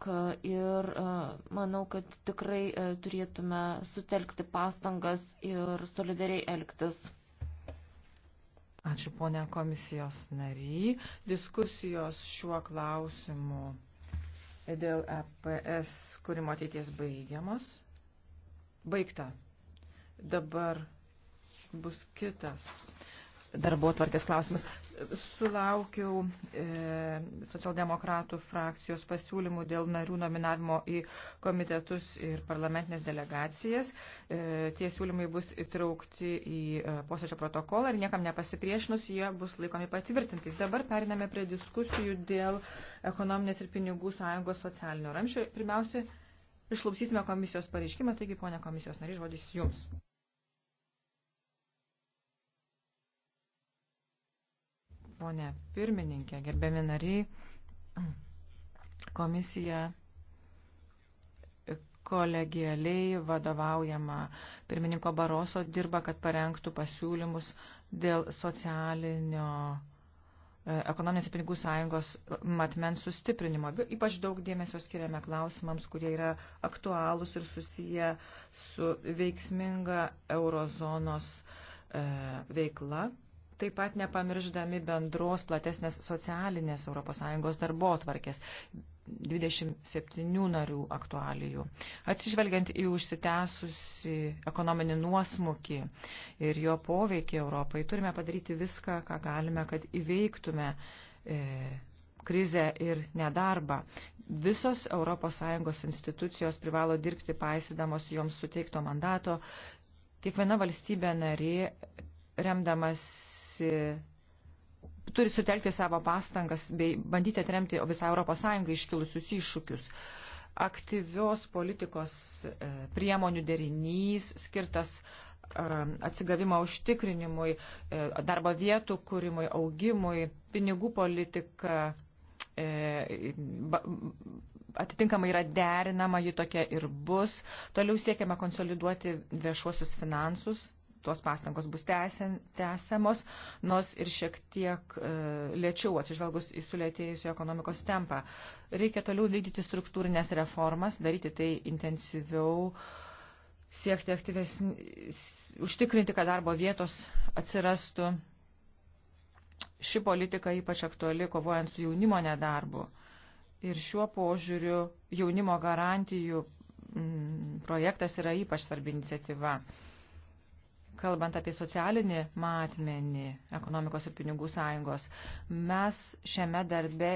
tiek ir e, manau, kad tikrai e, turėtume sutelkti pastangas ir solidariai elgtis. Ačiū ponia komisijos nary. Diskusijos šiuo klausimu dėl EPS kūrimo ateities baigiamos. Baigta. Dabar bus kitas darbo tvarkės klausimas. Sulaukiau e, socialdemokratų frakcijos pasiūlymų dėl narių nominavimo į komitetus ir parlamentinės delegacijas. E, tie siūlymai bus įtraukti į e, posėdžio protokolą ir niekam nepasipriešinus jie bus laikomi patvirtintais. Dabar periname prie diskusijų dėl ekonominės ir pinigų sąjungos socialinio ramščio. Pirmiausia, išlausysime komisijos pareiškimą, taigi ponia komisijos narys, žodis jums. ponė pirmininkė, gerbiami nariai, komisija kolegialiai vadovaujama pirmininko Baroso dirba, kad parengtų pasiūlymus dėl socialinio e, ekonominės ir pinigų sąjungos matmens sustiprinimo. Ypač daug dėmesio skiriame klausimams, kurie yra aktualūs ir susiję su veiksminga eurozonos e, veikla taip pat nepamirždami bendros platesnės socialinės ES darbo tvarkės 27 narių aktualijų. Atsižvelgiant į užsitęsusi ekonominį nuosmukį ir jo poveikį Europai, turime padaryti viską, ką galime, kad įveiktume e, krizę ir nedarbą. Visos ES institucijos privalo dirbti paisydamos joms suteikto mandato. Kiekviena valstybė narė, remdamas remiasi, turi sutelkti savo pastangas bei bandyti atremti visą Europos Sąjungą iškilusius iššūkius. Aktyvios politikos e, priemonių derinys skirtas e, atsigavimo užtikrinimui, e, darbo vietų kūrimui, augimui, pinigų politika atitinkamai yra derinama, ji tokia ir bus. Toliau siekiama konsoliduoti viešuosius finansus, tos pastangos bus tęsiamos, nors ir šiek tiek e, lėčiau atsižvelgus į sulėtėjusią ekonomikos tempą. Reikia toliau vykdyti struktūrinės reformas, daryti tai intensyviau, siekti aktyvesnį, užtikrinti, kad darbo vietos atsirastų. Ši politika ypač aktuali kovojant su jaunimo nedarbu. Ir šiuo požiūriu jaunimo garantijų projektas yra ypač svarbi iniciatyva kalbant apie socialinį matmenį ekonomikos ir pinigų sąjungos, mes šiame darbe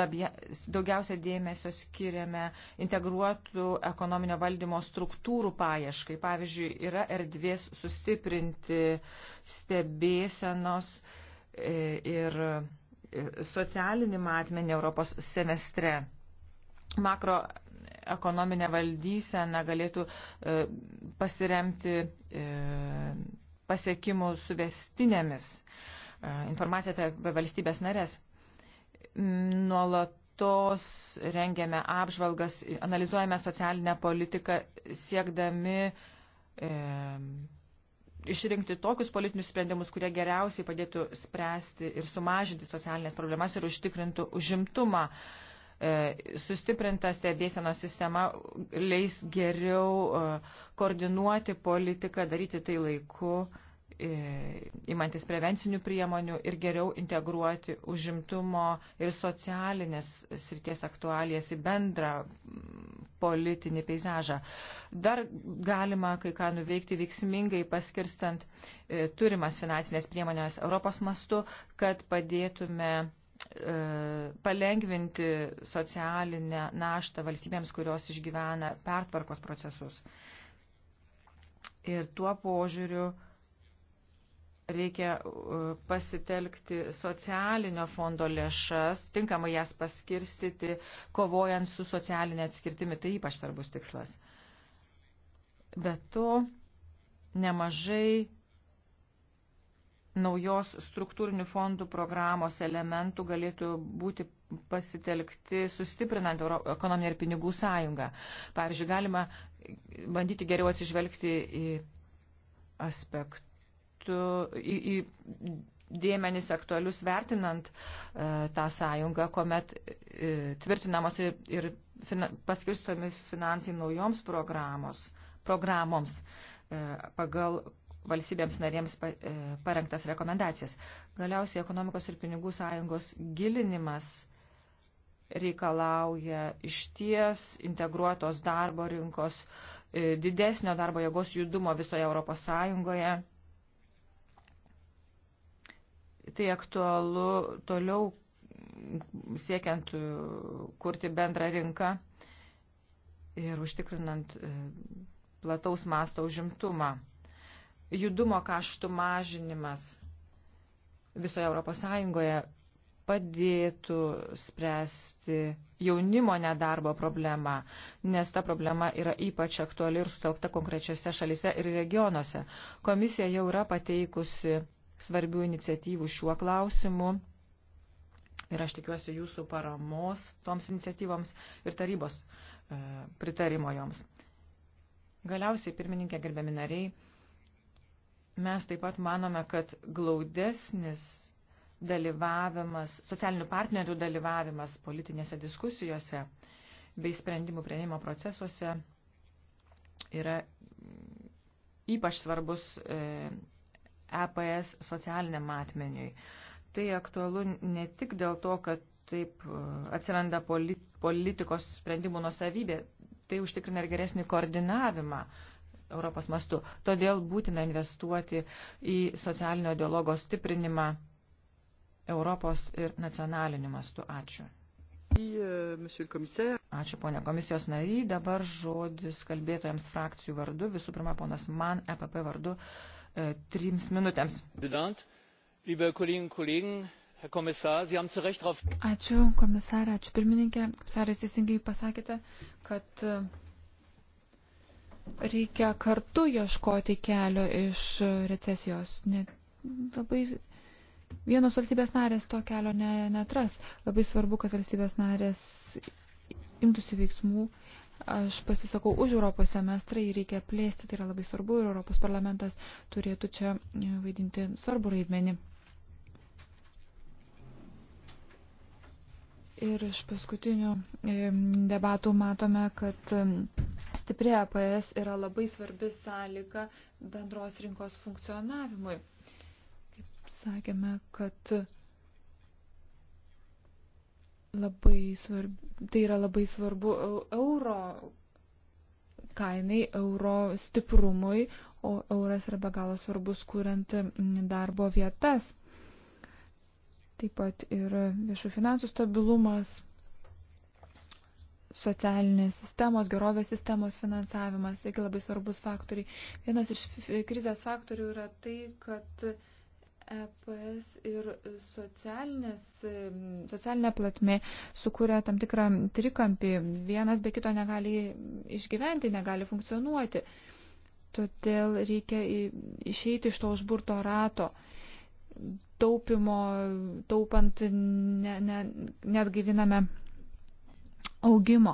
labia, daugiausia dėmesio skiriame integruotų ekonominio valdymo struktūrų paieškai. Pavyzdžiui, yra erdvės sustiprinti stebėsenos e, ir e, socialinį matmenį Europos semestre. Makro ekonominė valdysena galėtų e, pasiremti e, pasiekimų suvestinėmis e, informaciją apie valstybės narės. Nuolat nuolatos rengiame apžvalgas, analizuojame socialinę politiką, siekdami e, išrinkti tokius politinius sprendimus, kurie geriausiai padėtų spręsti ir sumažinti socialinės problemas ir užtikrintų užimtumą. E, E, sustiprinta stebėsenos sistema leis geriau e, koordinuoti politiką, daryti tai laiku, įmantis e, prevencinių priemonių ir geriau integruoti užimtumo ir socialinės srities aktualijas į bendrą politinį peizažą. Dar galima kai ką nuveikti veiksmingai paskirstant turimas finansinės priemonės Europos mastu, kad padėtume E, palengvinti socialinę naštą valstybėms, kurios išgyvena pertvarkos procesus. Ir tuo požiūriu reikia e, pasitelkti socialinio fondo lėšas, tinkamai jas paskirstyti, kovojant su socialinė atskirtimi. Tai ypač svarbus tikslas. Be to, nemažai naujos struktūrinių fondų programos elementų galėtų būti pasitelkti sustiprinant Euro ekonominę ir pinigų sąjungą. Pavyzdžiui, galima bandyti geriau atsižvelgti į aspektų, į, į dėmenis aktualius vertinant e, tą sąjungą, kuomet e, tvirtinamos ir, ir fina, paskirstomi finansai naujoms programos, programoms, e, pagal valstybėms narėms e, parengtas rekomendacijas. Galiausiai ekonomikos ir pinigų sąjungos gilinimas reikalauja išties integruotos darbo rinkos, e, didesnio darbo jėgos judumo visoje Europos Sąjungoje. Tai aktualu toliau siekiant e, kurti bendrą rinką ir užtikrinant plataus masto užimtumą judumo kaštų mažinimas visoje Europos Sąjungoje padėtų spręsti jaunimo nedarbo problemą, nes ta problema yra ypač aktuali ir sutelkta konkrečiose šalise ir regionuose. Komisija jau yra pateikusi svarbių iniciatyvų šiuo klausimu ir aš tikiuosi jūsų paramos toms iniciatyvoms ir tarybos e, pritarimo joms. Galiausiai, pirmininkė, gerbiami nariai, Mes taip pat manome, kad glaudesnis dalyvavimas, socialinių partnerių dalyvavimas politinėse diskusijose bei sprendimų prieimimo procesuose yra ypač svarbus EPS e socialiniam matmeniui. Tai aktualu ne tik dėl to, kad taip e, atsiranda politikos sprendimų nusavybė, tai užtikrina ir geresnį koordinavimą Europos mastu. Todėl būtina investuoti į socialinio dialogo stiprinimą Europos ir nacionaliniu mastu. Ačiū. Euh, ačiū, ponė komisijos nariai. Dabar žodis kalbėtojams frakcijų vardu. Visų pirma, ponas man, EPP vardu, e, trims minutėms. Ačiū, komisarė, ačiū pirmininkė. Komisarės teisingai pasakėte, kad reikia kartu ieškoti kelio iš recesijos. Net labai vienos valstybės narės to kelio ne, netras. Labai svarbu, kad valstybės narės imtųsi veiksmų. Aš pasisakau už Europos semestrą, jį reikia plėsti, tai yra labai svarbu ir Europos parlamentas turėtų čia vaidinti svarbų vaidmenį. Ir iš paskutinių e, debatų matome, kad stipri APS yra labai svarbi sąlyga bendros rinkos funkcionavimui. Kaip sakėme, kad labai svarbi, tai yra labai svarbu euro kainai, euro stiprumui, o euras yra be galo svarbus kuriant darbo vietas taip pat ir viešų finansų stabilumas, socialinės sistemos, gerovės sistemos finansavimas, taigi labai svarbus faktoriai. Vienas iš krizės faktorių yra tai, kad EPS ir socialinė platmė sukuria tam tikrą trikampį, vienas be kito negali išgyventi, negali funkcionuoti. Todėl reikia išeiti iš to užburto rato taupimo, taupant ne, ne, netgaiviname augimo.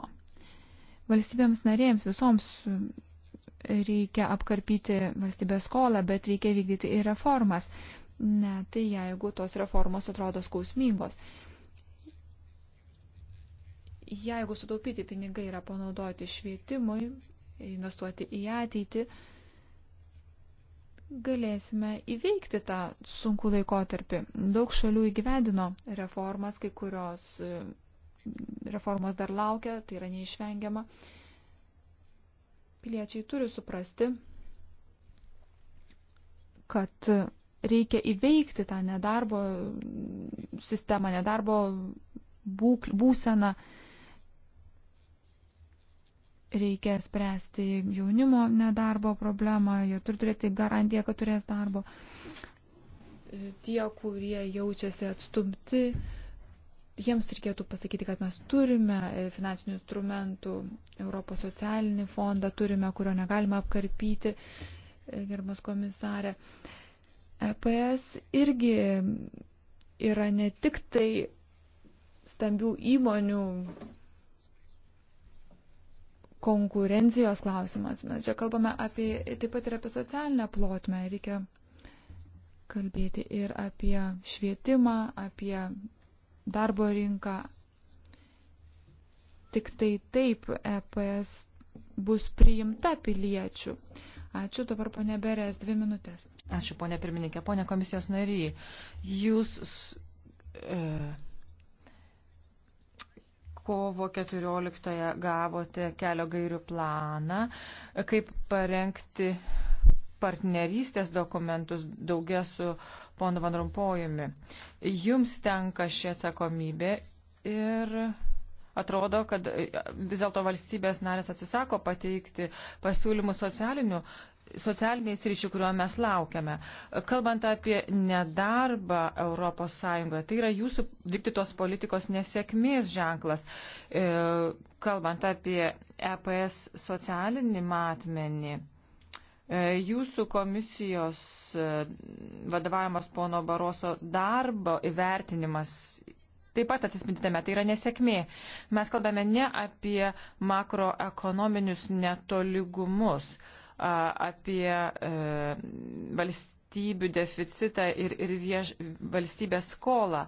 Valstybėms narėjams visoms reikia apkarpyti valstybės skolą, bet reikia vykdyti ir reformas. Ne, tai jeigu tos reformos atrodo skausmingos. Jeigu sutaupyti pinigai yra panaudoti švietimui, investuoti į ateitį, galėsime įveikti tą sunkų laikotarpį. Daug šalių įgyvendino reformas, kai kurios e, reformos dar laukia, tai yra neišvengiama. Piliečiai turi suprasti, kad reikia įveikti tą nedarbo sistemą, nedarbo būk, būseną reikia spręsti jaunimo nedarbo problemą, jie turi turėti garantiją, kad turės darbo. Tie, kurie jaučiasi atstumti, jiems reikėtų pasakyti, kad mes turime finansinių instrumentų, Europos socialinį fondą turime, kurio negalime apkarpyti, gerbamas komisarė. EPS irgi yra ne tik tai stambių įmonių konkurencijos klausimas. Mes čia kalbame apie, taip pat ir apie socialinę plotmę. Reikia kalbėti ir apie švietimą, apie darbo rinką. Tik tai taip EPS bus priimta piliečių. Ačiū dabar ponė Berės, dvi minutės. Ačiū ponė pirmininkė, ponė komisijos nariai. Jūs. E kovo 14-ąją gavote kelio gairių planą, kaip parengti partnerystės dokumentus daugia su ponu Van Rumpojumi. Jums tenka ši atsakomybė ir atrodo, kad vis dėlto valstybės narės atsisako pateikti pasiūlymų socialinių socialiniais ryšių, kuriuo mes laukiame. Kalbant apie nedarbą ES, tai yra jūsų vykdytos politikos nesėkmės ženklas. E, kalbant apie EPS socialinį matmenį, e, jūsų komisijos e, vadovavimas pono Baroso darbo įvertinimas taip pat atsispinditame, tai yra nesėkmė. Mes kalbame ne apie makroekonominius netoligumus. Uh, apie e, valstybių deficitą ir, ir vieš, valstybės skolą.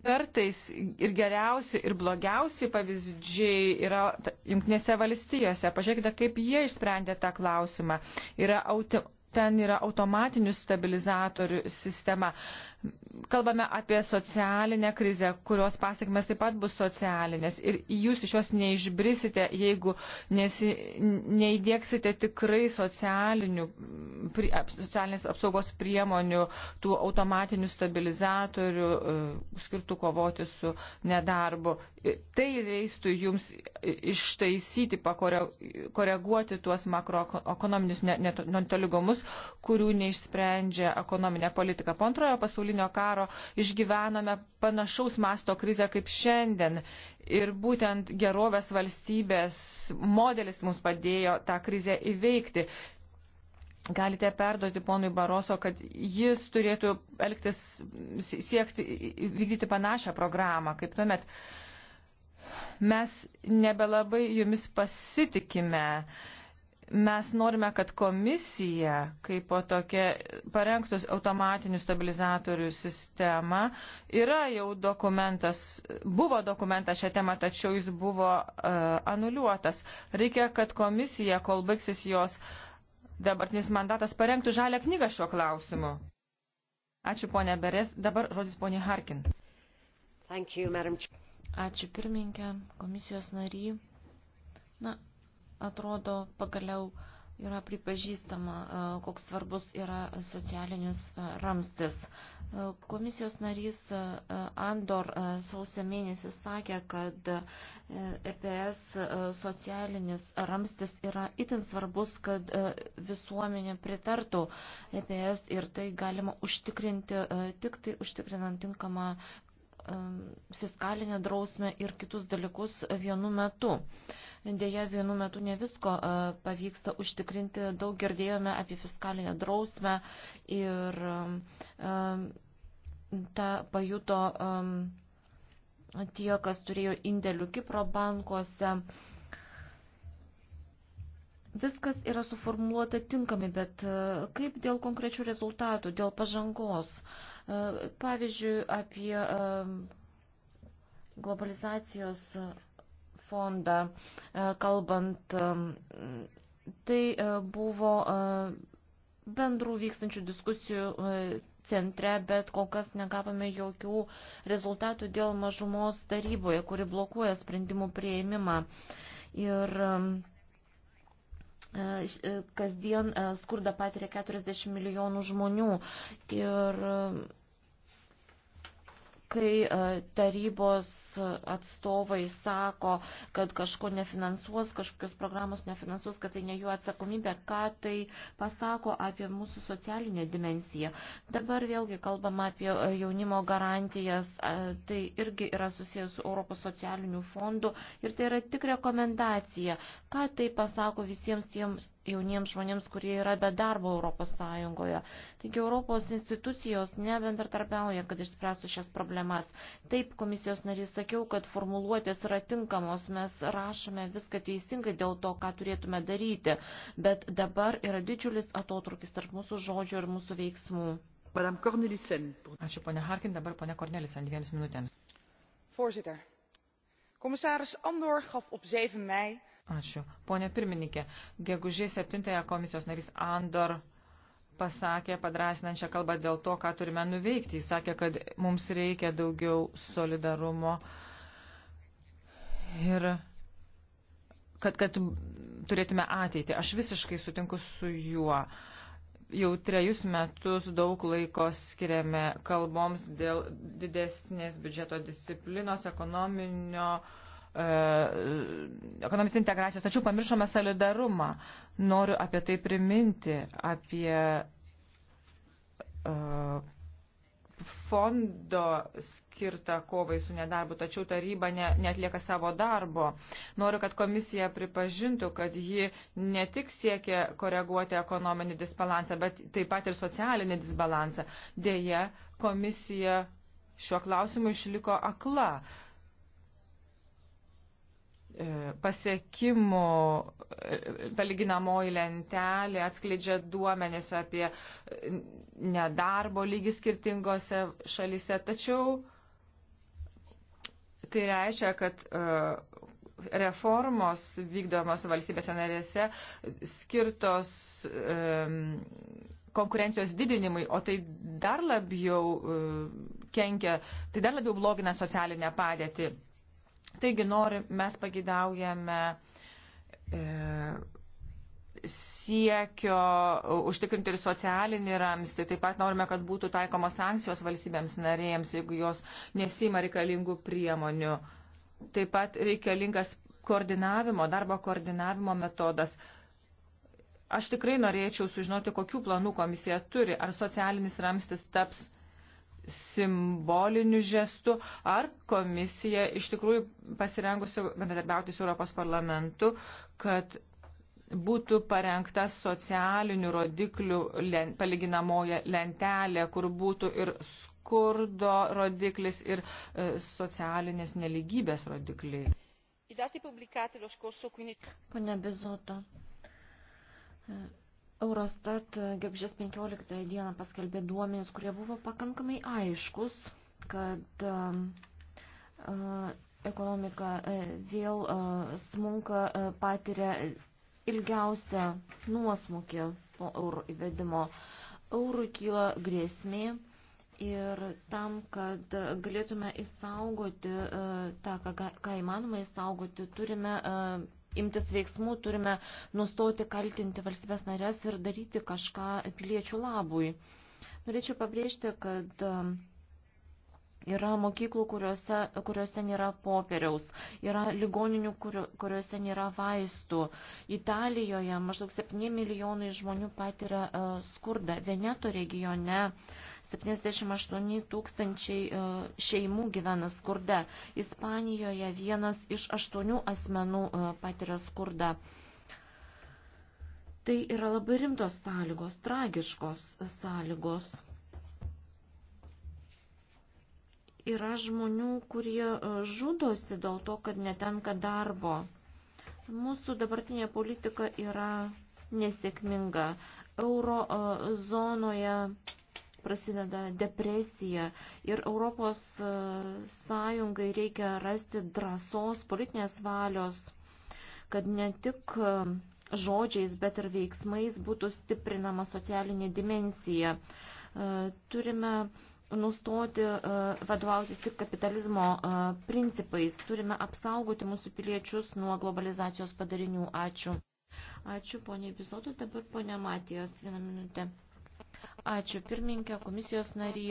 Kartais ir geriausi, ir blogiausi pavyzdžiai yra jungtinėse valstijose. Pažiūrėkite, kaip jie išsprendė tą klausimą. Yra auti, ten yra automatinių stabilizatorių sistema. Kalbame apie socialinę krizę, kurios pasiekmes taip pat bus socialinės. Ir jūs iš jos neišbrisite, jeigu nesi, neįdėksite tikrai socialinės apsaugos priemonių, tų automatinių stabilizatorių, e, skirtų kovoti su nedarbu. E, tai reistų jums ištaisyti, koreguoti tuos makroekonominius netolygumus, kurių neišsprendžia ekonominė politika. Po antrojo pasaulyje pasaulinio karo išgyvename panašaus masto krizę kaip šiandien. Ir būtent gerovės valstybės modelis mums padėjo tą krizę įveikti. Galite perduoti ponui Baroso, kad jis turėtų elgtis, siekti, vykdyti panašią programą, kaip tuomet mes nebelabai jumis pasitikime. Uh, mes norime, kad komisija, kaip po tokia parengtus automatinių stabilizatorių sistemą, yra jau dokumentas, buvo dokumentas šią temą, tačiau jis buvo uh, anuliuotas. Reikia, kad komisija, kol baigsis jos dabartinis mandatas, parengtų žalę knygą šiuo klausimu. Ačiū ponė Beres, dabar žodis ponė Harkin. Thank you, Ačiū pirmininkė, komisijos nary. Na, atrodo pagaliau yra pripažįstama, e, koks svarbus yra socialinis e, ramstis. E, komisijos narys Andor sausio mėnesį sakė, kad EPS socialinis ramstis yra itin svarbus, kad visuomenė pritartų EPS ir tai galima užtikrinti tik tai užtikrinant tinkamą fiskalinę drausmę ir kitus dalykus vienu metu. Dėja, vienu metu ne visko e, pavyksta užtikrinti. Daug girdėjome apie fiskalinę drausmę ir tą pajuto tie, kas turėjo indėlių Kipro bankuose. Viskas yra suformuoluota tinkami, bet e, kaip dėl konkrečių rezultatų, dėl pažangos? Uh, E, pavyzdžiui, apie e, globalizacijos fondą e, kalbant, tai buvo bendrų vykstančių diskusijų centre, bet kol kas negavome jokių rezultatų dėl mažumos taryboje, kuri blokuoja sprendimų prieimimą. Ir E, e, kasdien e, skurdą patiria 40 milijonų žmonių. Ir kai e, tarybos atstovai sako, kad kažko nefinansuos, kažkokios programos nefinansuos, kad tai ne jų atsakomybė, ką tai pasako apie mūsų socialinę dimensiją. Dabar vėlgi kalbam apie e, jaunimo garantijas, e, tai irgi yra susijęs su Europos socialiniu fondu ir tai yra tik rekomendacija. Ką tai pasako visiems tiems jauniems žmonėms, kurie yra be darbo Europos Sąjungoje. Taigi Europos institucijos nebendratarpiauja, kad išspręstų šias problemas. Taip, komisijos narys sakiau, kad formuluotės yra tinkamos, mes rašome viską teisingai dėl to, ką turėtume daryti, bet dabar yra didžiulis atotrukis tarp mūsų žodžių ir mūsų veiksmų. Ačiū, ponia Harkin, dabar ponia Kornelisen, dviems minutėms. Voorzitter, commissaris Andor gaf op 7 mei Ačiū. Pone pirmininkė, gegužė 7 komisijos narys Andor pasakė padrasinančią kalbą dėl to, ką turime nuveikti. Jis sakė, kad mums reikia daugiau solidarumo ir kad, kad turėtume ateitį. Aš visiškai sutinku su juo. Jau trejus metus daug laiko skiriame kalboms dėl didesnės biudžeto disciplinos, ekonominio uh, E, ekonomis integracijos, tačiau pamiršome solidarumą. Noriu apie tai priminti, apie e, fondo skirtą kovai su nedarbu, tačiau taryba ne, netlieka savo darbo. Noriu, kad komisija pripažintų, kad ji ne tik siekia koreguoti ekonominį disbalansą, bet taip pat ir socialinį disbalansą. Deja, komisija šiuo klausimu išliko akla. Uh, E, pasiekimų palyginamoji e, lentelė atskleidžia duomenis apie e, nedarbo lygį skirtingose šalise, tačiau tai reiškia, kad reformos vykdomos valstybėse narėse skirtos konkurencijos didinimui, o tai dar labiau kenkia, tai dar labiau blogina socialinę padėtį. Taigi nori, mes pagidaujame e, siekio užtikrinti ir socialinį ramstį. Taip pat norime, kad būtų taikomos sankcijos valstybėms narėjams, jeigu jos nesima reikalingų priemonių. Taip pat reikalingas koordinavimo, darbo koordinavimo metodas. Aš tikrai norėčiau sužinoti, kokių planų komisija turi, ar socialinis ramstis taps simboliniu žestu, ar komisija iš tikrųjų pasirengusi bendradarbiauti su Europos parlamentu, kad būtų parengta socialinių rodiklių len, palyginamoja lentelė, kur būtų ir skurdo rodiklis ir e, socialinės neligybės rodikliai. Pane Bizoto, e, Eurostat e, gegužės 15 dieną paskelbė duomenys, kurie buvo pakankamai aiškus, kad e, e, ekonomika vėl smunka patiria ilgiausią nuosmukį po eurų įvedimo. Eurų kyla grėsmė ir tam, kad galėtume įsaugoti tą, ką, ką įmanoma įsaugoti, turime imtis veiksmų, turime nustoti kaltinti valstybės narės ir daryti kažką piliečių labui. Norėčiau pabrėžti, kad e, yra mokyklų, kuriuose, kuriuose nėra popieriaus, yra ligoninių, kuriuose nėra vaistų. Italijoje maždaug 7 milijonai žmonių patiria e, skurdą. Veneto regione uh, 78 tūkstančiai e, šeimų gyvena skurde. Ispanijoje vienas iš aštuonių asmenų e, patiria skurdą. Tai yra labai rimtos sąlygos, tragiškos sąlygos. Yra žmonių, kurie e, žudosi dėl to, kad netenka darbo. Mūsų dabartinė politika yra nesėkminga. Euro zonoje prasideda depresija ir Europos e, Sąjungai reikia rasti drąsos, politinės valios, kad ne tik e, žodžiais, bet ir veiksmais būtų stiprinama socialinė dimensija. E, turime nustoti vadovautis tik kapitalizmo principais. Turime apsaugoti mūsų piliečius nuo globalizacijos padarinių. Ačiū. Ačiū, ponė Bizoto. Dabar ponė Matijas, vieną minutę. Ačiū pirmininkė, komisijos nary.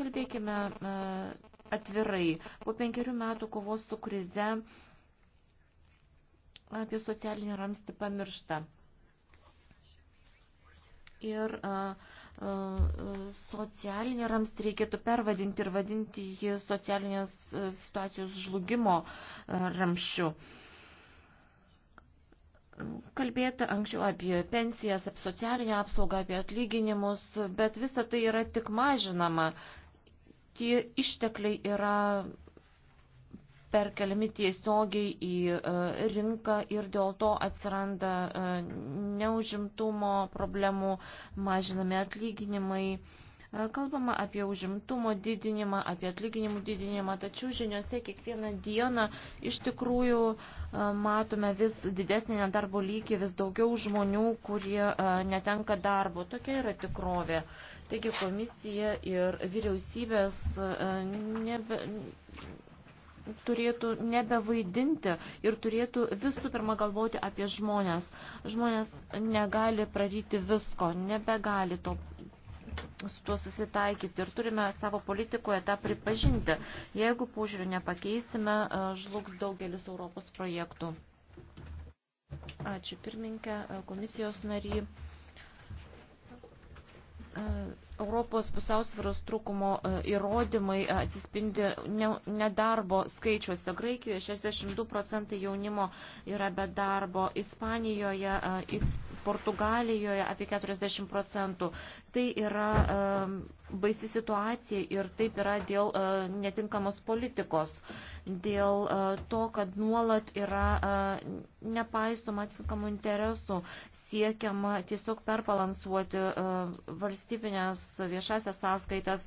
Kalbėkime e, atvirai. Po penkerių metų kovos su krize apie socialinį ramstį pamiršta. Ir a, e, a, e, socialinį ramstį reikėtų pervadinti ir vadinti jį socialinės situacijos žlugimo ramščiu. A, Kalbėta anksčiau apie pensijas, apie socialinę apsaugą, apie atlyginimus, bet visa tai yra tik mažinama. Tie ištekliai yra perkeliami tiesiogiai į e, rinką ir dėl to atsiranda e, neužimtumo problemų, mažinami atlyginimai. E, kalbama apie užimtumo didinimą, apie atlyginimų didinimą, tačiau žiniuose kiekvieną dieną iš tikrųjų e, matome vis didesnį nedarbo lygį, vis daugiau žmonių, kurie e, netenka darbo. Tokia yra tikrovė. Taigi komisija ir vyriausybės nebe, turėtų nebevaidinti ir turėtų visų pirma galvoti apie žmonės. Žmonės negali praryti visko, nebegali to su tuo susitaikyti ir turime savo politikoje tą pripažinti. Jeigu požiūrių nepakeisime, e, žlugs daugelis Europos projektų. Ačiū pirminkę, e, komisijos nary. E, Europos pusiausvėros trūkumo įrodymai atsispindi nedarbo skaičiuose. Graikijoje 62 procentai jaunimo yra be darbo, Ispanijoje Portugalijoje apie 40 procentų. Tai yra baisi situacija ir taip yra dėl e, netinkamos politikos, dėl e, to, kad nuolat yra e, nepaisoma atitinkamų interesų, siekiama tiesiog perbalansuoti valstybinės viešasias sąskaitas,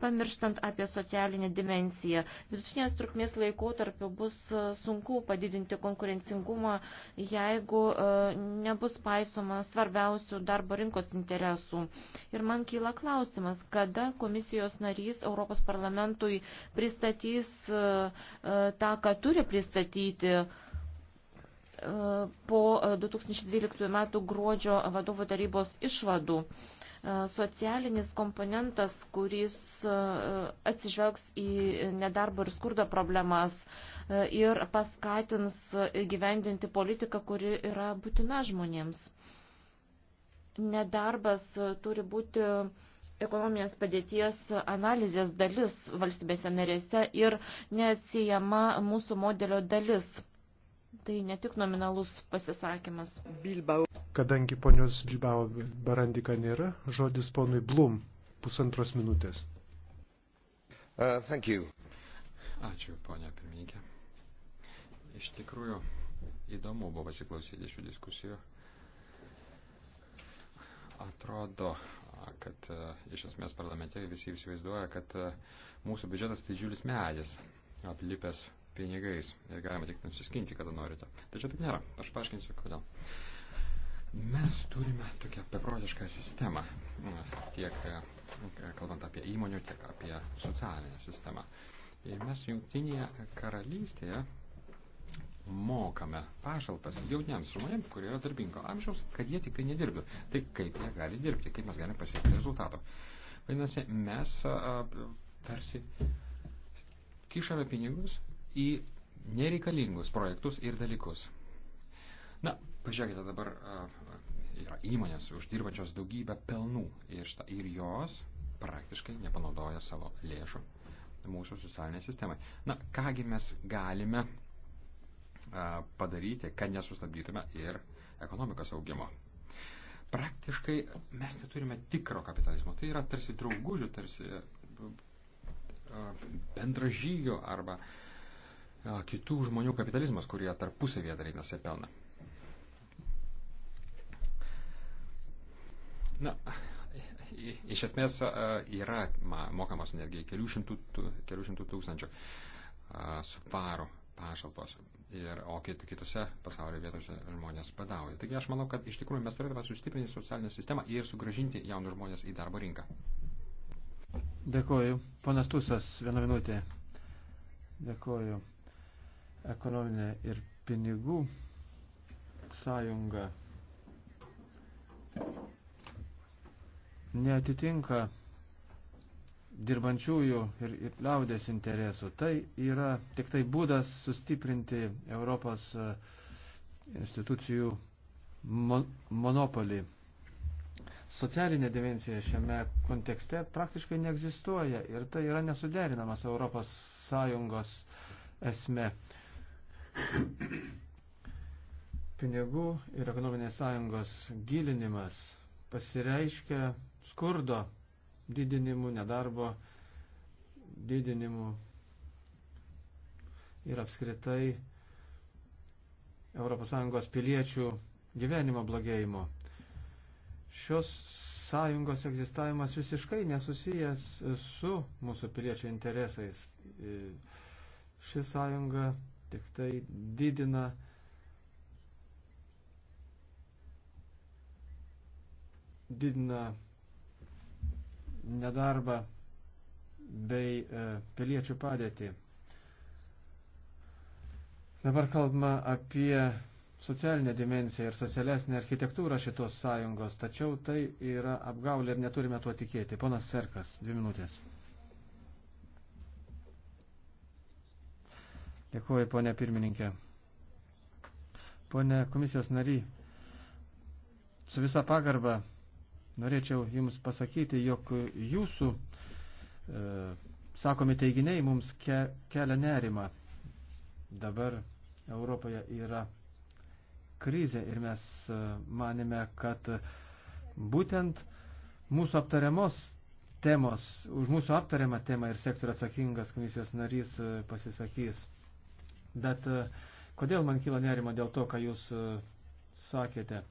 pamirštant apie socialinę dimensiją. Vidutinės trukmės laikotarpiu bus sunku padidinti konkurencingumą, jeigu nebus paisoma svarbiausių darbo rinkos interesų. Ir man kyla klausimas, kada komisijos narys Europos parlamentui pristatys e, e, tą, ką turi pristatyti e, po 2012 metų gruodžio vadovų tarybos išvadų. Socialinis komponentas, kuris atsižvelgs į nedarbo ir skurdo problemas ir paskatins gyvendinti politiką, kuri yra būtina žmonėms. Nedarbas turi būti ekonominės padėties analizės dalis valstybėse narėse ir neatsijama mūsų modelio dalis. Tai ne tik nominalus pasisakymas. Bilbao. Kadangi ponios Bilbao Barandika nėra, žodis ponui Blum pusantros minutės. Uh, thank you. Ačiū, ponia pirmininkė. Iš tikrųjų, įdomu buvo pasiklausyti šių diskusijų. Atrodo, kad e, iš esmės parlamente visi įsivaizduoja, kad e, mūsų biudžetas tai didžiulis medis, aplipęs pinigais ir galima tik nusiskinti, kada norite. Tačiau taip nėra. Aš paaiškinsiu, kodėl. Mes turime tokią beprotišką sistemą, e, tiek kalbant apie įmonių, tiek apie socialinę sistemą. Ir mes jungtinėje karalystėje mokame pašalpas jauniems žmonėms, kurie yra darbingo amžiaus, kad jie tik tai nedirbtų. Tai kaip jie gali dirbti, kaip mes galime pasiekti rezultato. Vadinasi, mes a, tarsi kišame pinigus į nereikalingus projektus ir dalykus. Na, pažiūrėkite dabar, a, yra įmonės uždirbančios daugybę pelnų ir, šta, ir jos praktiškai nepanaudoja savo lėšų mūsų socialiniai sistemai. Na, kągi mes galime padaryti, kad nesustabdytume ir ekonomikos augimo. Praktiškai mes neturime tikro kapitalizmo. Tai yra tarsi draugužių, tarsi bendražygių arba kitų žmonių kapitalizmas, kurie tarpusavėje dalinasi pelną. Na, iš esmės yra mokamos netgi kelių šimtų, kelių šimtų tūkstančių svarų pašalpos. Ir, o kitose pasaulio vietose žmonės badauja. Taigi aš manau, kad iš tikrųjų mes turėtume sustiprinti socialinę sistemą ir sugražinti jaunus žmonės į darbo rinką. Dėkoju. Ponas Tusas, vieną minutę. Dėkoju. Ekonominė ir pinigų sąjunga neatitinka dirbančiųjų ir, ir liaudės interesų. Tai yra tik tai būdas sustiprinti Europos e, institucijų mon monopolį. Socialinė dimensija šiame kontekste praktiškai neegzistuoja ir tai yra nesuderinamas Europos Sąjungos esme. Pinigų ir ekonominės sąjungos gilinimas pasireiškia skurdo didinimu, nedarbo didinimu ir apskritai ES piliečių gyvenimo blogėjimo. Šios sąjungos egzistavimas visiškai nesusijęs su mūsų piliečių interesais. Ši sąjunga tik tai didina didina nedarbą bei e, piliečių padėtį. Dabar kalbama apie socialinę dimensiją ir socialesnę architektūrą šitos sąjungos, tačiau tai yra apgaulė ir neturime tuo tikėti. Ponas Serkas, dvi minutės. Dėkuoju, ponė pirmininkė. Pone komisijos nary, su visa pagarba norėčiau Jums pasakyti, jog Jūsų e, sakomi teiginiai mums ke, kelia nerima. Dabar Europoje yra krizė ir mes e, manėme, kad būtent mūsų aptariamos temos, už mūsų aptariamą temą ir sektorių atsakingas komisijos narys e, pasisakys. Bet e, kodėl man kyla nerima dėl to, ką jūs sakėte?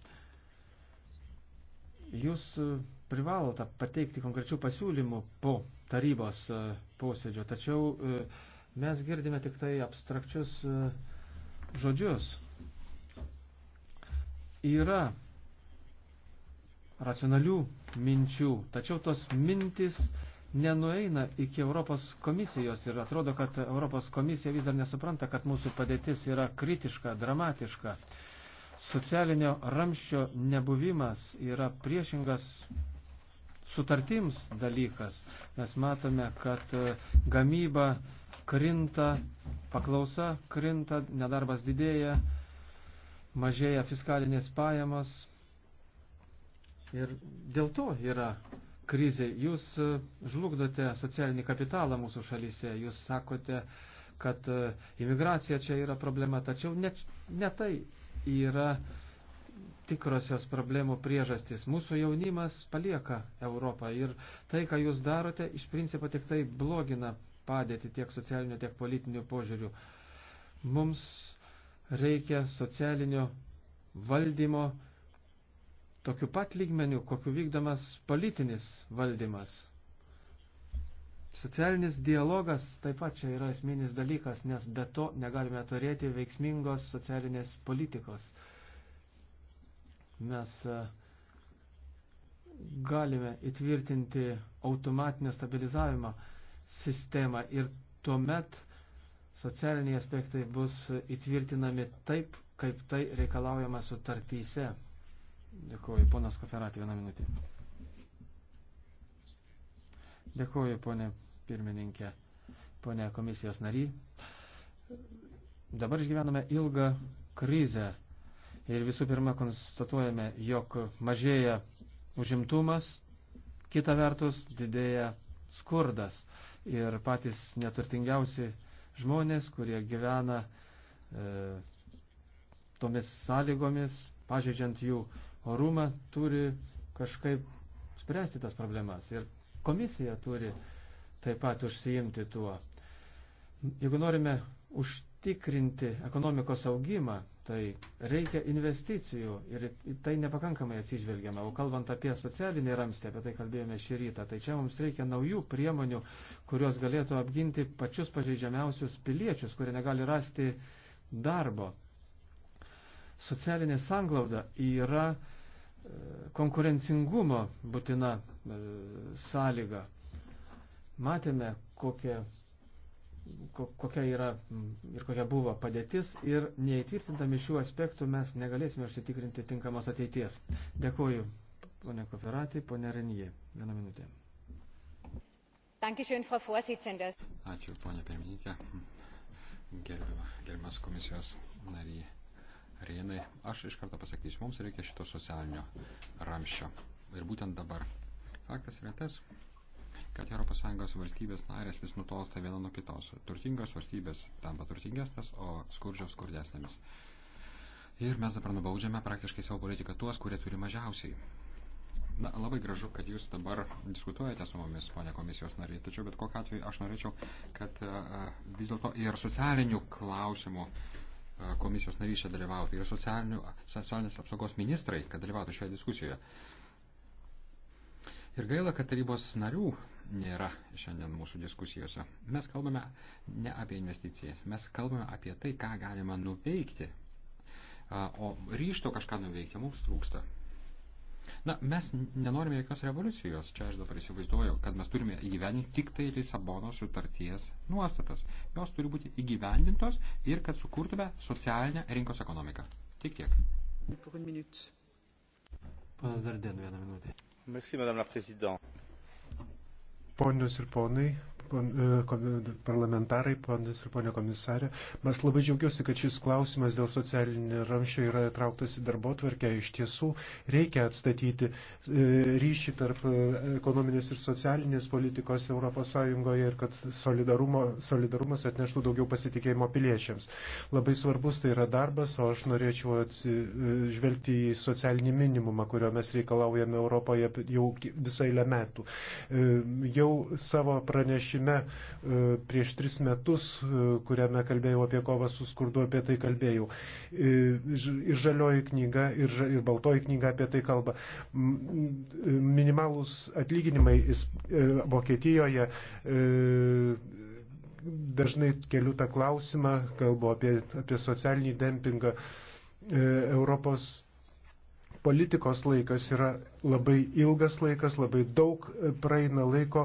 Jūs e, privalote pateikti konkrečių pasiūlymų po tarybos e, posėdžio, tačiau e, mes girdime tik tai abstrakčius žodžius. Yra racionalių minčių, tačiau tos mintis nenueina iki Europos komisijos ir atrodo, kad Europos komisija vis dar nesupranta, kad mūsų padėtis yra kritiška, dramatiška. Socialinio ramščio nebuvimas yra priešingas sutartims dalykas. Mes matome, kad e, gamyba krinta, paklausa krinta, nedarbas didėja, mažėja fiskalinės pajamos. Ir dėl to yra krizė. Jūs e, žlugdote socialinį kapitalą mūsų šalyse, jūs sakote, kad e, imigracija čia yra problema, tačiau ne, ne tai yra tikrosios problemų priežastis. Mūsų jaunimas palieka Europą ir tai, ką jūs darote, iš principo tik tai blogina padėti tiek socialinio, tiek politinių požiūrių. Mums reikia socialinio valdymo tokiu pat lygmeniu, kokiu vykdomas politinis valdymas. Socialinis dialogas taip pat čia yra esminis dalykas, nes be to negalime turėti veiksmingos socialinės politikos. Mes e, galime įtvirtinti automatinio stabilizavimo sistemą ir tuomet socialiniai aspektai bus įtvirtinami taip, kaip tai reikalaujama sutartyse. Dėkuoju, ponas Koferatė, vieną minutę. Dėkuoju, ponė pirmininkė, ponė komisijos nary. Dabar išgyvename ilgą krizę ir visų pirma konstatuojame, jog mažėja užimtumas, kita vertus didėja skurdas ir patys neturtingiausi žmonės, kurie gyvena e, tomis sąlygomis, pažeidžiant jų orumą, turi kažkaip spręsti tas problemas. Ir komisija turi taip pat užsiimti tuo. Jeigu norime užtikrinti ekonomikos augimą, tai reikia investicijų ir tai nepakankamai atsižvelgiama. O kalbant apie socialinį ramstį, apie tai kalbėjome šį rytą, tai čia mums reikia naujų priemonių, kurios galėtų apginti pačius pažeidžiamiausius piliečius, kurie negali rasti darbo. Socialinė sanglauda yra e, konkurencingumo būtina e, sąlyga matėme, kokia, kokia yra ir kokia buvo padėtis ir neįtvirtintami šių aspektų mes negalėsime užsitikrinti tinkamos ateities. Dėkuoju, ponė Koferatį, ponė Renijai. Vieną minutę. Dankeschön, Frau Vorsitzende. Ačiū, ponė pirmininkė. Gerbiamas komisijos nariai. Rėnai, aš iš karto pasakysiu, mums reikia šito socialinio ramščio. Ir būtent dabar. Faktas yra tas, kad ES valstybės narės vis nutolsta viena nuo kitos. Turtingos valstybės tampa turtingesnės, o skurdžios skurdesnėmis. Ir mes dabar nubaudžiame praktiškai savo politiką tuos, kurie turi mažiausiai. Na, labai gražu, kad jūs dabar diskutuojate su mumis, ponė komisijos nariai, tačiau bet kokiu atveju aš norėčiau, kad uh, vis dėlto ir socialinių klausimų uh, komisijos narys čia dalyvautų ir socialinės apsaugos ministrai, kad dalyvautų šioje diskusijoje. Ir gaila, kad tarybos narių nėra šiandien mūsų diskusijose. Mes kalbame ne apie investicijas, mes kalbame apie tai, ką galima nuveikti, o ryšto kažką nuveikti mums trūksta. Na, mes nenorime jokios revoliucijos. Čia aš dabar įsivaizduoju, kad mes turime įgyvendinti tik tai Lisabonos sutarties nuostatas. Jos turi būti įgyvendintos ir kad sukurtume socialinę rinkos ekonomiką. Tik tiek. Panas Darden, vieną minutę. Merci, madame la présidente. Ponios ir ponai, E, parlamentarai, ponas ir ponė komisarė. Mes labai džiaugiuosi, kad šis klausimas dėl socialinio ramščio yra trauktas į darbo tvarkę. Iš tiesų reikia atstatyti e, ryšį tarp e, ekonominės ir socialinės politikos ES ir kad solidarumas atneštų daugiau pasitikėjimo piliečiams. Labai svarbus tai yra darbas, o aš norėčiau atsižvelgti į socialinį minimumą, kurio mes reikalaujame Europoje jau visai lę metų. Jau savo pranešime Pranešime prieš tris metus, e, kuriame kalbėjau apie kovą su skurdu, apie tai kalbėjau. E, ir žalioji knyga, ir, ža, ir baltoji knyga apie tai kalba. E, minimalūs atlyginimai Vokietijoje dažnai keliu tą klausimą, kalbu apie, apie socialinį dempingą. Europos politikos laikas yra labai ilgas laikas, labai daug e, praeina laiko,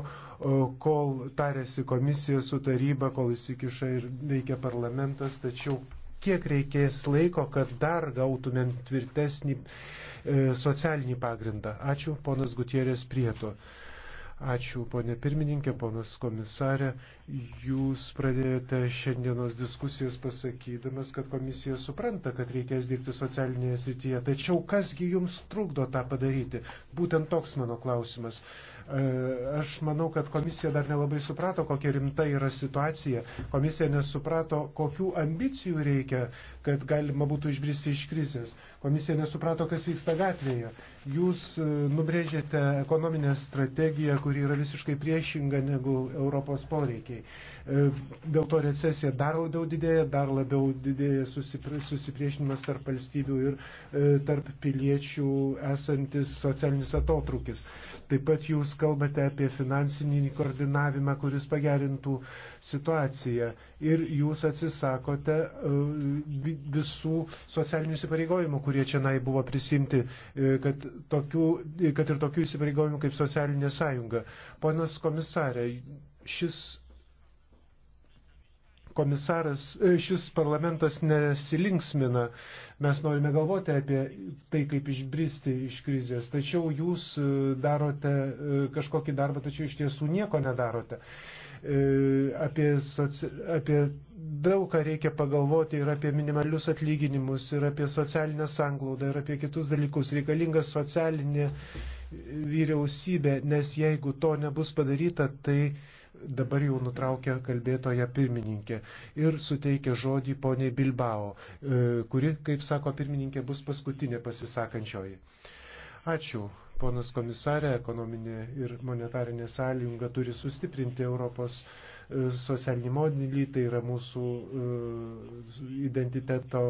kol tarėsi komisija su taryba, kol įsikiša ir veikia parlamentas, tačiau kiek reikės laiko, kad dar gautumėm tvirtesnį e, socialinį pagrindą. Ačiū, ponas Gutierės Prieto. Ačiū, ponė pirmininkė, ponas komisarė. Jūs pradėjote šiandienos diskusijas pasakydamas, kad komisija supranta, kad reikės dirbti socialinėje srityje. Tačiau kasgi jums trukdo tą padaryti? Būtent toks mano klausimas. E, aš manau, kad komisija dar nelabai suprato, kokia rimta yra situacija. Komisija nesuprato, kokių ambicijų reikia, kad galima būtų išbristi iš krizės. Komisija nesuprato, kas vyksta gatvėje. Jūs e, nubrėžėte ekonominę strategiją, kuri yra visiškai priešinga negu Europos poreikiai. E, dėl to recesija dar labiau didėja, dar labiau didėja susipriešinimas tarp valstybių ir tarp piliečių esantis socialinis atotrukis. Taip pat jūs kalbate apie finansinį koordinavimą, kuris pagerintų situaciją. Ir jūs atsisakote e, visų socialinių įsipareigojimų, kurie čia nai buvo prisimti, e, kad, tokių, e, kad ir tokių įsipareigojimų kaip socialinė sąjunga. Ponas komisarė, šis komisaras, šis parlamentas nesilinksmina Mes norime galvoti apie tai, kaip išbristi iš krizės, tačiau jūs e, darote e, kažkokį darbą, tačiau iš tiesų nieko nedarote. E, apie, soci... apie daug ką reikia pagalvoti ir apie minimalius atlyginimus, ir apie socialinę sanglaudą, ir apie kitus dalykus. Reikalinga socialinė vyriausybė, nes jeigu to nebus padaryta, tai dabar jau nutraukia kalbėtoja pirmininkė ir suteikia žodį poniai Bilbao, e, kuri, kaip sako pirmininkė, bus paskutinė pasisakančioji. Ačiū, ponas komisarė, ekonominė ir monetarinė sąjunga turi sustiprinti Europos e, socialinį modelį, tai yra mūsų e, identiteto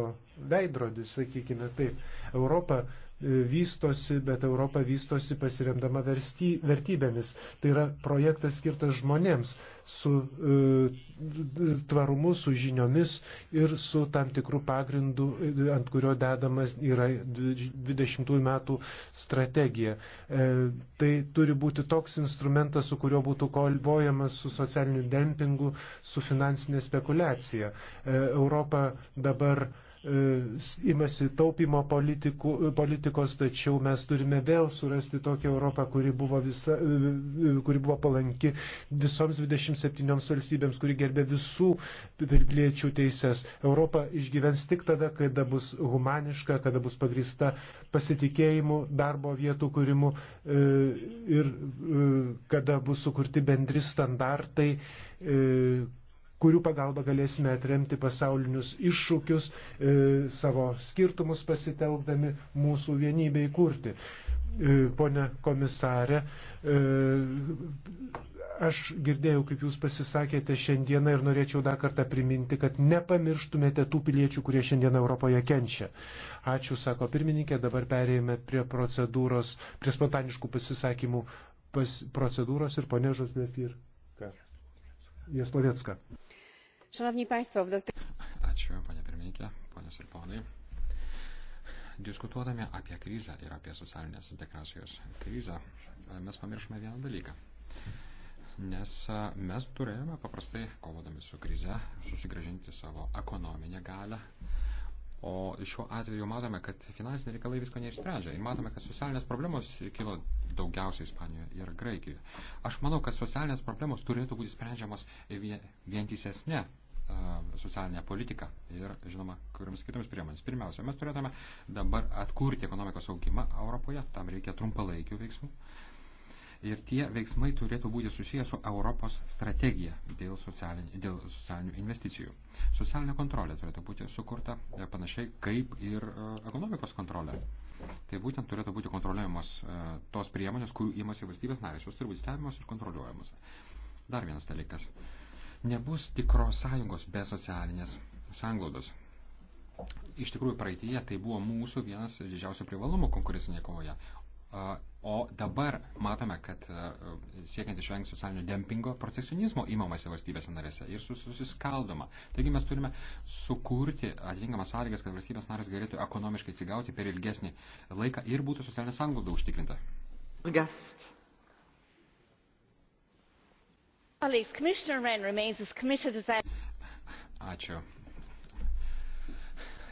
veidrodis, sakykime taip. Europa vystosi, bet Europa vystosi pasiremdama versty, vertybėmis. Tai yra projektas skirtas žmonėms su e, tvarumu, su žiniomis ir su tam tikrų pagrindų, ant kurio dedamas yra 20 metų strategija. E, tai turi būti toks instrumentas, su kuriuo būtų kolvojamas su socialiniu dempingu, su finansinė spekulacija. E, Europa dabar e, E, imasi taupimo politikų, e, politikos, tačiau mes turime vėl surasti tokią Europą, kuri buvo, visa, e, kuri buvo palanki visoms 27 valstybėms, kuri gerbė visų piliečių teises. Europa išgyvens tik tada, kada bus humaniška, kada bus pagrįsta pasitikėjimu, darbo vietų kūrimu ir kada bus sukurti bendri standartai, kurių pagalba galėsime atremti pasaulinius iššūkius, e, savo skirtumus pasitelkdami mūsų vienybei kurti. E, pone komisarė, e, aš girdėjau, kaip jūs pasisakėte šiandieną ir norėčiau dar kartą priminti, kad nepamirštumėte tų piliečių, kurie šiandien Europoje kenčia. Ačiū, sako pirmininkė, dabar perėjome prie procedūros, prie spontaniškų pasisakymų pas, procedūros ir ponė Žotvefir. Jaslovecka. Ačiū, panė pirmininkė, ponios ir ponai. Diskutuodami apie krizę ir apie socialinės integracijos krizę, mes pamiršome vieną dalyką. Nes e, mes turėjome paprastai, kovodami su krize, susigražinti savo ekonominę galę, O šiuo atveju matome, kad finansiniai reikalai visko neišsprendžia. Ir matome, kad socialinės problemos kilo daugiausiai Ispanijoje ir Graikijoje. Aš manau, kad socialinės problemos turėtų būti sprendžiamos vientisesnė socialinę politiką ir, žinoma, kuriams kitoms priemonėms. Pirmiausia, mes turėtume dabar atkurti ekonomikos augimą Europoje, tam reikia trumpalaikių veiksmų. Ir tie veiksmai turėtų būti susijęs su Europos strategija dėl, socialinių, dėl socialinių investicijų. Socialinė kontrolė turėtų būti sukurta e, panašiai kaip ir e, ekonomikos kontrolė. Tai būtent turėtų būti kontroliuojamos e, tos priemonės, kurių įmasi valstybės narės, jos turi būti stebimos ir kontroliuojamos. Dar vienas dalykas. Nebus tikros sąjungos be socialinės sanglaudos. Iš tikrųjų, praeitie tai buvo mūsų vienas didžiausių privalumų konkurencinėje kovoje. O dabar matome, kad siekiant išvengti socialinio dempingo, procesionizmo įmamasi valstybėse narėse ir susiskaldoma. Taigi mes turime sukurti atitinkamas sąlygas, kad valstybės narės galėtų ekonomiškai atsigauti per ilgesnį laiką ir būtų socialinė sanglauda užtikrinta. Gast. Ačiū.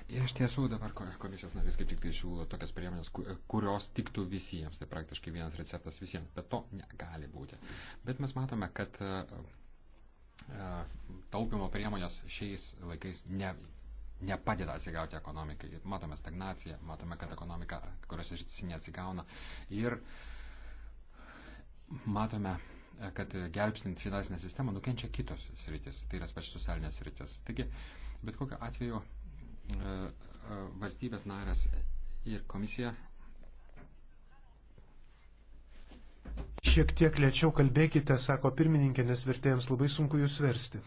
Iš tiesų dabar komisijos narys kaip tik tai siūlo tokias priemonės, kurios tiktų visiems, tai praktiškai vienas receptas visiems, bet to negali būti. Bet mes matome, kad e, e, taupimo priemonės šiais laikais ne, nepadeda atsigauti ekonomikai. Matome stagnaciją, matome, kad ekonomika, kuriuose žytis neatsigauna. Ir matome, kad gelbstint finansinę sistemą nukenčia kitos sritis, tai yra pačios socialinės sritis. Taigi, bet kokiu atveju E, e, valstybės narės ir komisija. Šiek tiek lėčiau kalbėkite, sako pirmininkė, nes vertėjams labai sunku jūs versti.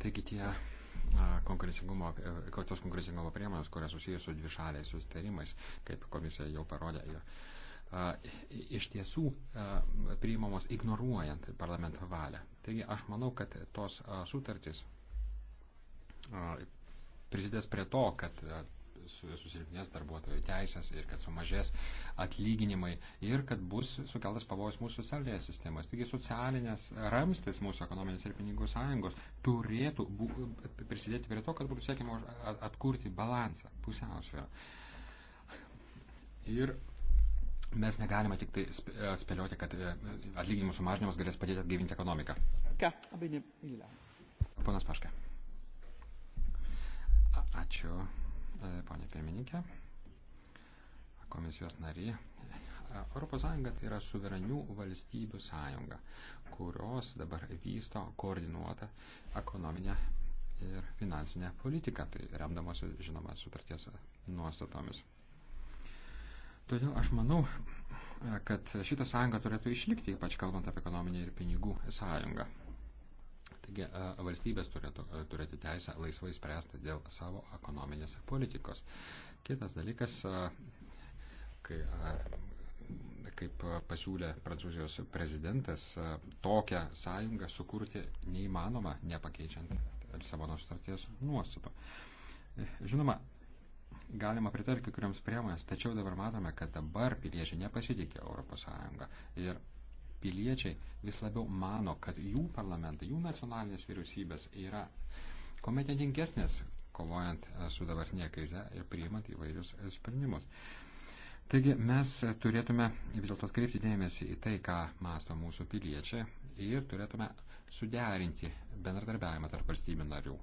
Taigi tie konkurencingumo, tos e, konkurencingumo priemonės, kurios susijęs su dvišaliais susitarimais, kaip komisija jau parodė ir iš tiesų priimamos ignoruojant parlamento valią. Taigi aš manau, kad tos sutartys prisidės prie to, kad susilpnės darbuotojų teisės ir kad sumažės atlyginimai ir kad bus sukeltas pavojus mūsų socialinės sistemos. Taigi socialinės ramstis mūsų ekonominės ir pinigų sąjungos turėtų bū, prisidėti prie to, kad būtų siekiama atkurti balansą, pusiausvyrą. Ir Mes negalime tik tai e, spėlioti, kad e, atlyginimų sumažinimas galės padėti atgaivinti ekonomiką. Ponas Paška. Ačiū, e, ponė pirmininkė, komisijos nariai. ES tai yra suverenių valstybių sąjunga, kurios dabar vysto koordinuotą ekonominę ir finansinę politiką, tai remdamosi, žinoma, sutarties nuostatomis. Todėl aš manau, e, kad šitą sąjungą turėtų išlikti, ypač kalbant apie ekonominį ir pinigų sąjungą. Taigi e, valstybės turėtų e, turėti teisę laisvai spręsti dėl savo ekonominės politikos. Kitas dalykas, kai, kaip pasiūlė prancūzijos prezidentas, tokią sąjungą sukurti neįmanoma, nepakeičiant Lisabono sutarties nuostatų. Žinoma, galima pritarti kai kuriams priemonės, tačiau dabar matome, kad dabar piliečiai nepasitikė ES ir piliečiai vis labiau mano, kad jų parlamentai, jų nacionalinės vyriausybės yra kompetentingesnės kovojant e, su dabartinė krize ir priimant įvairius sprendimus. Taigi mes turėtume vis dėlto atkreipti dėmesį į tai, ką masto mūsų piliečiai ir turėtume suderinti bendradarbiavimą tarp valstybių narių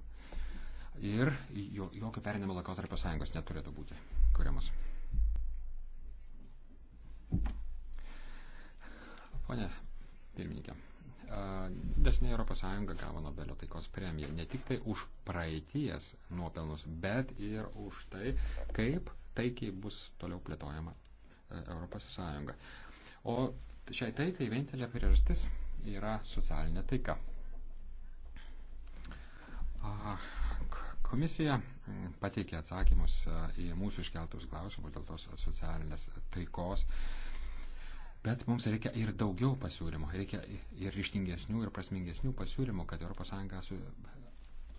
ir jokio perinimo laikotarpio sąjungos neturėtų būti kuriamas. Pone pirmininkė, Nesnė Europos Sąjunga gavo Nobelio taikos premiją ne tik tai už praeities nuopelnus, bet ir už tai, kaip taikiai bus toliau plėtojama e, Europos Sąjunga. O šiai taikai vienintelė priežastis yra socialinė taika. Komisija mm, pateikė atsakymus e, į mūsų iškeltus klausimus dėl tos socialinės taikos. Bet mums reikia ir daugiau pasiūlymų, reikia ir ryštingesnių, ir prasmingesnių pasiūlymų, kad ES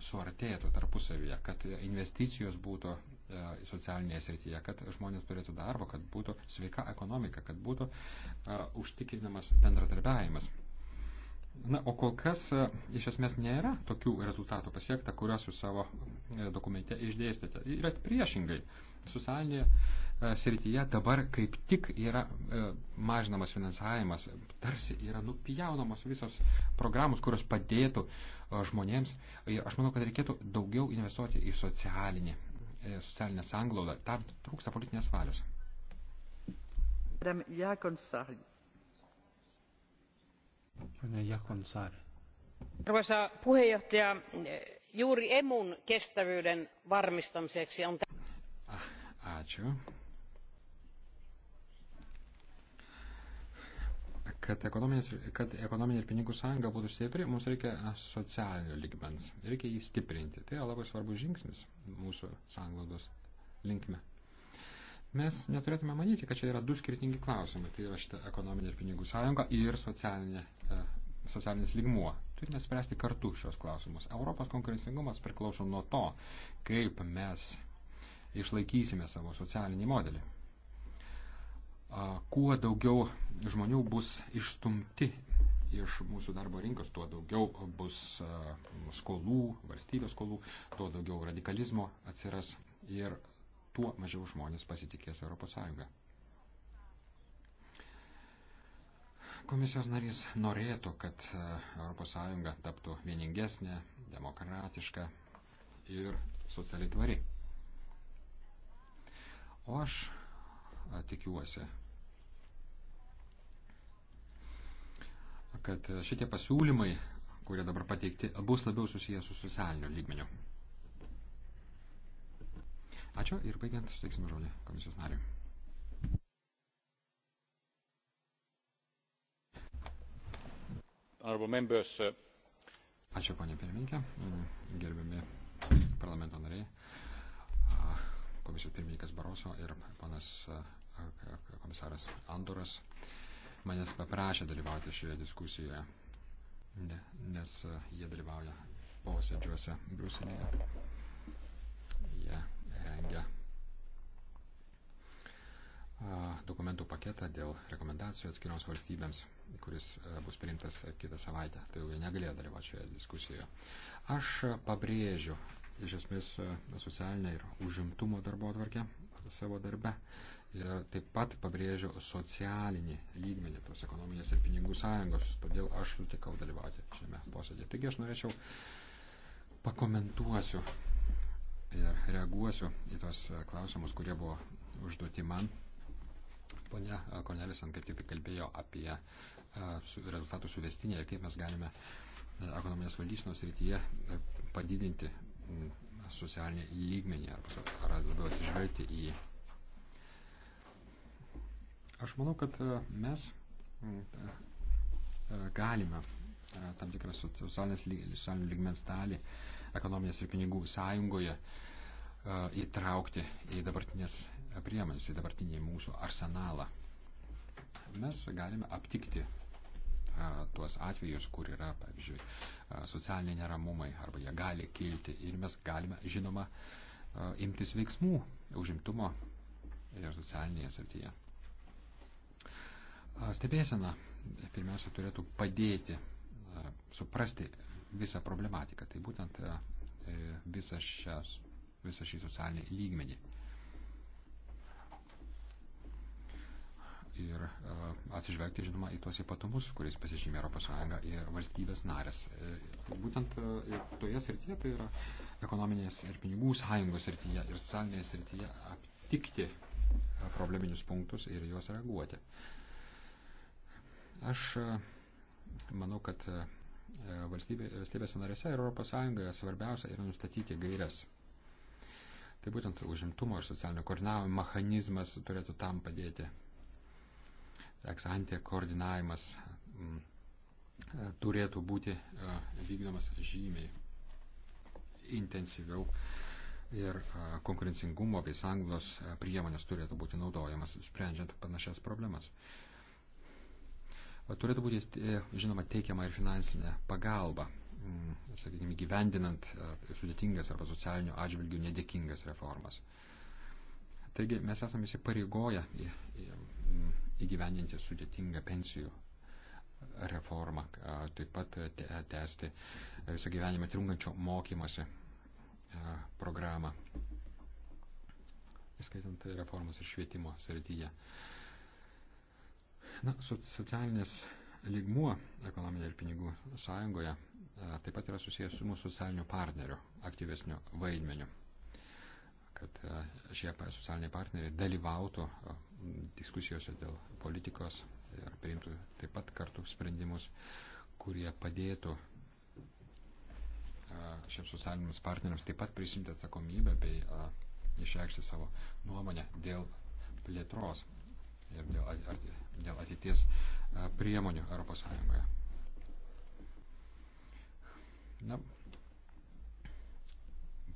suartėtų tarpusavyje, kad investicijos būtų e, socialinėje srityje, kad žmonės turėtų darbo, kad būtų sveika ekonomika, kad būtų uh, užtikrinamas bendradarbiavimas Na, o kol kas e, iš esmės nėra tokių rezultatų pasiekta, kuriuos jūs savo e, dokumente išdėstėte. Ir priešingai, socialinėje e, srityje dabar kaip tik yra mažinamas finansavimas, tarsi yra nupjaunamos visos programos, kurios padėtų žmonėms. Ir aš manau, kad reikėtų daugiau investuoti į socialinį, socialinę sanglaudą. Tam trūksta politinės valios. Madame Jakonsari arvoisa puhemies juuri emun kestävyyden varmistamiseksi on. Ah, ačiū. Kad, kad ekonominė ir pinigų sąjunga būtų stipri, mums reikia socialinio ligmens. Reikia jį stiprinti. Tai yra labai svarbus žingsnis mūsų sąjungos linkme. Mes neturėtume manyti, kad čia yra du skirtingi klausimai. Tai yra šita ekonominė ir pinigų sąjunga ir socialinė, e, socialinis ligmuo. Turime spręsti kartu šios klausimus. Europos konkurencingumas priklauso nuo to, kaip mes išlaikysime savo socialinį modelį. Kuo daugiau žmonių bus išstumti iš mūsų darbo rinkos, tuo daugiau bus e, skolų, valstybės skolų, tuo daugiau radikalizmo atsiras ir tuo mažiau žmonės pasitikės ES. Komisijos narys norėtų, kad ES taptų vieningesnė, demokratiška ir socialiai tvari. O aš e, tikiuosi, kad e, šitie pasiūlymai, kurie dabar pateikti, bus labiau susijęs su socialiniu lygmeniu. Ačiū ir baigiant, suteiksime žodį komisijos nariui. Uh, Ačiū, ponė pirmininkė, mm, gerbiami parlamento nariai, komisijos pirmininkas Baroso ir panas komisaras Andoras manęs paprašė dalyvauti šioje diskusijoje, nes jie dalyvauja posėdžiuose Bruselėje parengė dokumentų paketą dėl rekomendacijų atskiriams valstybėms, kuris e, bus priimtas kitą savaitę. Tai jau jie negalėjo dalyvauti šioje diskusijoje. Aš pabrėžiu iš esmės e, socialinę ir užimtumo darbo atvarkę savo darbe. Ir taip pat pabrėžiu socialinį lygmenį tos ekonominės ir pinigų sąjungos, todėl aš sutikau dalyvauti šiame posėdėje. Taigi aš norėčiau pakomentuosiu ir reaguosiu į tos e, klausimus, kurie buvo užduoti man. Pone Kornelisen kaip tik tai kalbėjo apie e, rezultatų suvestinę ir kaip mes galime e, ekonominės valdysinos rytyje padidinti socialinį lygmenį ar labiau atsižvelgti į jį. Aš manau, kad mes galime tam tikrą socialinės, socialinį lygmens dalį uh, ekonominės ir pinigų sąjungoje e, įtraukti į dabartinės priemonės, į dabartinį mūsų arsenalą. Mes galime aptikti e, tuos atvejus, kur yra, pavyzdžiui, e, socialiniai neramumai arba jie gali kilti ir mes galime, žinoma, imtis veiksmų užimtumo ir socialinėje srityje. Stebėsena pirmiausia turėtų padėti suprasti visą problematiką, tai būtent e, e, visą, šias, visą šį socialinį lygmenį. Ir e, atsižvelgti, žinoma, į tuos ypatumus, kuriais pasižymė Europos Sąjunga ir valstybės narės. Būtent ir toje srityje, tai yra ekonominės ir pinigų sąjungos srityje ir socialinėje srityje aptikti probleminius punktus ir juos reaguoti. Aš manau, kad E, valstybė, valstybėse narėse ir Europos Sąjungoje svarbiausia yra nustatyti gairias. Tai būtent užimtumo ir socialinio koordinavimo mechanizmas turėtų tam padėti. Eksantė koordinavimas m, mm, e, turėtų būti a, e, vykdomas žymiai intensyviau ir a, konkurencingumo bei sanglos priemonės turėtų būti naudojamas, sprendžiant panašias problemas. A, Turėtų būti, e, žinoma, teikiama ir finansinė pagalba, mm, sakykime, gyvendinant e, sudėtingas arba socialinių atžvilgių nedėkingas reformas. Taigi mes esame įsipareigoję mm, įgyvendinti sudėtingą pensijų reformą, taip pat tęsti viso gyvenime trunkančio mokymasi e, programą, įskaitant reformas ir švietimo srityje. Na, socialinis lygmuo ekonominė ir pinigų sąjungoje e, taip pat yra susijęs su mūsų socialiniu partneriu, aktyvesniu vaidmeniu kad e, šie socialiniai partneriai dalyvautų e, diskusijose dėl politikos ir priimtų taip pat kartu sprendimus, kurie padėtų šiems socialiniams partneriams taip pat prisimti atsakomybę bei išreikšti savo nuomonę dėl plėtros ir dėl, dėl ateities e, priemonių ES. Na,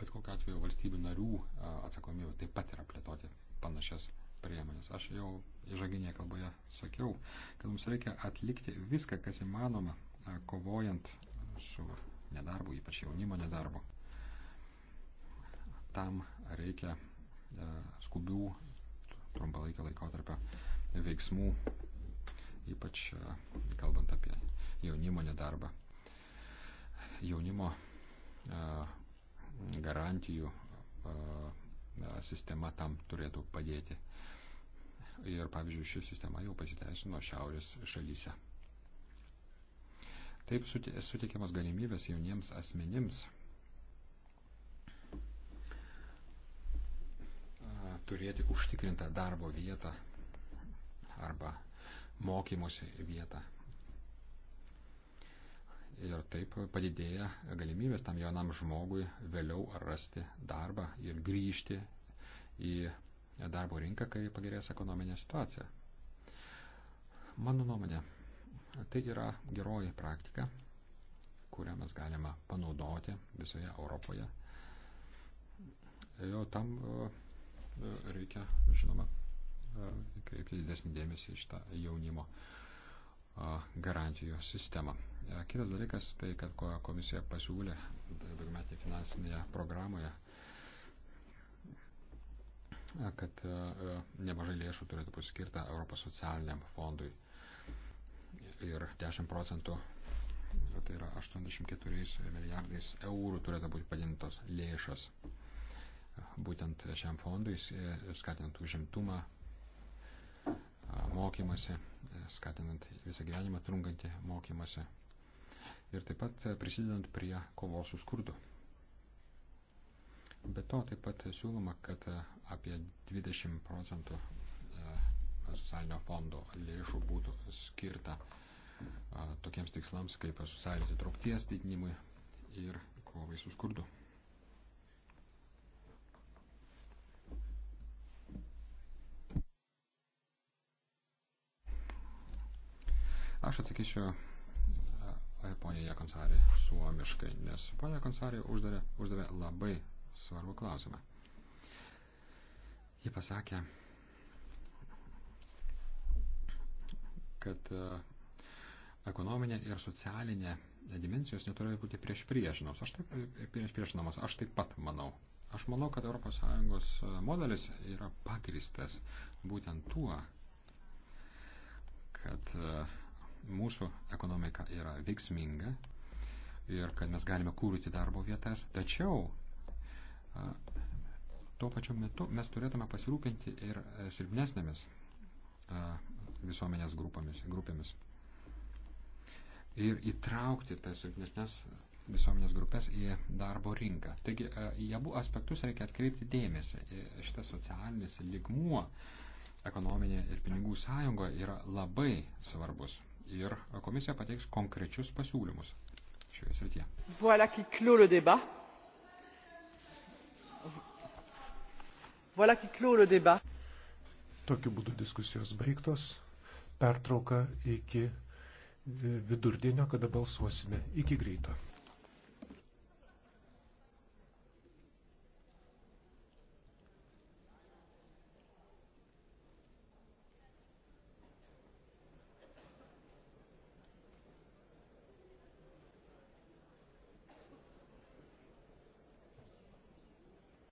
bet kokiu atveju valstybių narių e, atsakomybė taip pat yra plėtoti panašias priemonės. Aš jau įžaginėje kalboje sakiau, kad mums reikia atlikti viską, kas įmanoma, e, kovojant su nedarbu, ypač jaunimo nedarbu. Tam reikia skubių trumpalaikio laikotarpio veiksmų, ypač e, kalbant apie jaunimo nedarbą. Jaunimo e, garantijų e, sistema tam turėtų padėti. Ir pavyzdžiui, ši sistema jau pasiteisino šiaurės šalyse. Taip suteikiamas galimybės jauniems asmenims turėti užtikrintą darbo vietą arba mokymosi vietą. Ir taip padidėja galimybės tam jaunam žmogui vėliau rasti darbą ir grįžti į darbo rinką, kai pagerės ekonominė situacija. Mano nuomonė, tai yra geroji praktika, kurią mes galima panaudoti visoje Europoje. Jo tam reikia, žinoma, kreipti didesnį dėmesį į šitą jaunimo garantijų sistemą. Kitas dalykas tai, kad komisija pasiūlė daugiametėje finansinėje programoje, kad nemažai lėšų turėtų būti skirta Europos socialiniam fondui ir 10 procentų, tai yra 84 milijardais eurų turėtų būti padintos lėšas būtent šiam fondui, e, skatinant užimtumą, mokymasi, e, skatinant visą gyvenimą trunkantį mokymasi ir taip pat e, prisidedant prie kovos su skurdu. Be to taip pat siūloma, kad apie 20 procentų socialinio fondo lėšų būtų skirta tokiems tikslams kaip socialinės įtraukties didinimui ir kovai su skurdu. Aš atsakysiu e, e, ponė Jekonsarė suomiškai, nes ponė Jekonsarė uždavė, uždavė labai svarbų klausimą. Ji pasakė, kad e, ekonominė ir socialinė dimensijos neturėjo būti prieš priešinamos. Aš taip, prieš priešinamos, aš taip pat manau. Aš manau, kad ES modelis yra pagristas būtent tuo, kad uh, mūsų ekonomika yra veiksminga ir kad mes galime kūrti darbo vietas, tačiau tuo pačiu metu mes turėtume pasirūpinti ir e, silpnesnėmis visuomenės grupomis, grupėmis. Ir įtraukti tas silpnesnės visuomenės grupės į darbo rinką. Taigi, e, į abu aspektus reikia atkreipti dėmesį. E, šitas socialinis ligmuo ekonominė ir pinigų sąjungoje yra labai svarbus ir komisija pateiks konkrečius pasiūlymus šioje srityje. Voilà qui clôt le débat. Voilà qui clôt le débat. Tokiu būdu diskusijos baigtos. Pertrauka iki vidurdienio, kada balsuosime. Iki greito.